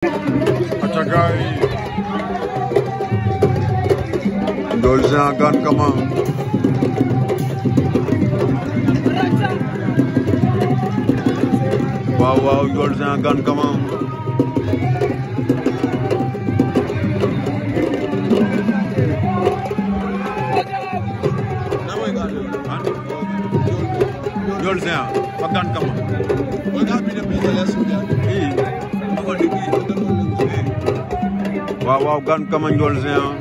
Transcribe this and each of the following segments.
Atagai Dolza Gan Kama Wow wow Dolza Gan Kama Dolza Gan Kama What happened to me the last weekend? waa waaw gan Kama Ndiol Géant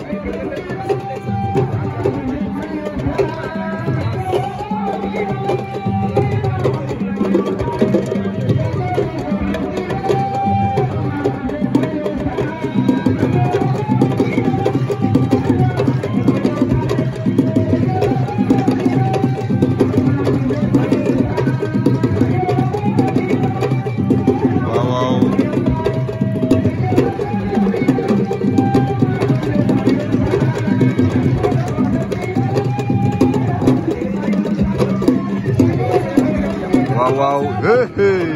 waaw waaw hey hey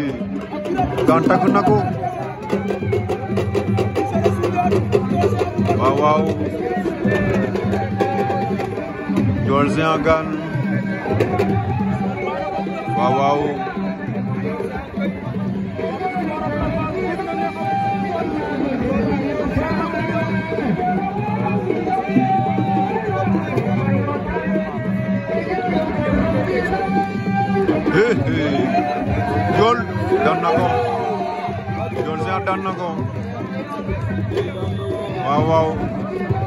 Gantakh na ko waaw Ndiol daan na ko Ndiol Sèr daan na ko waaw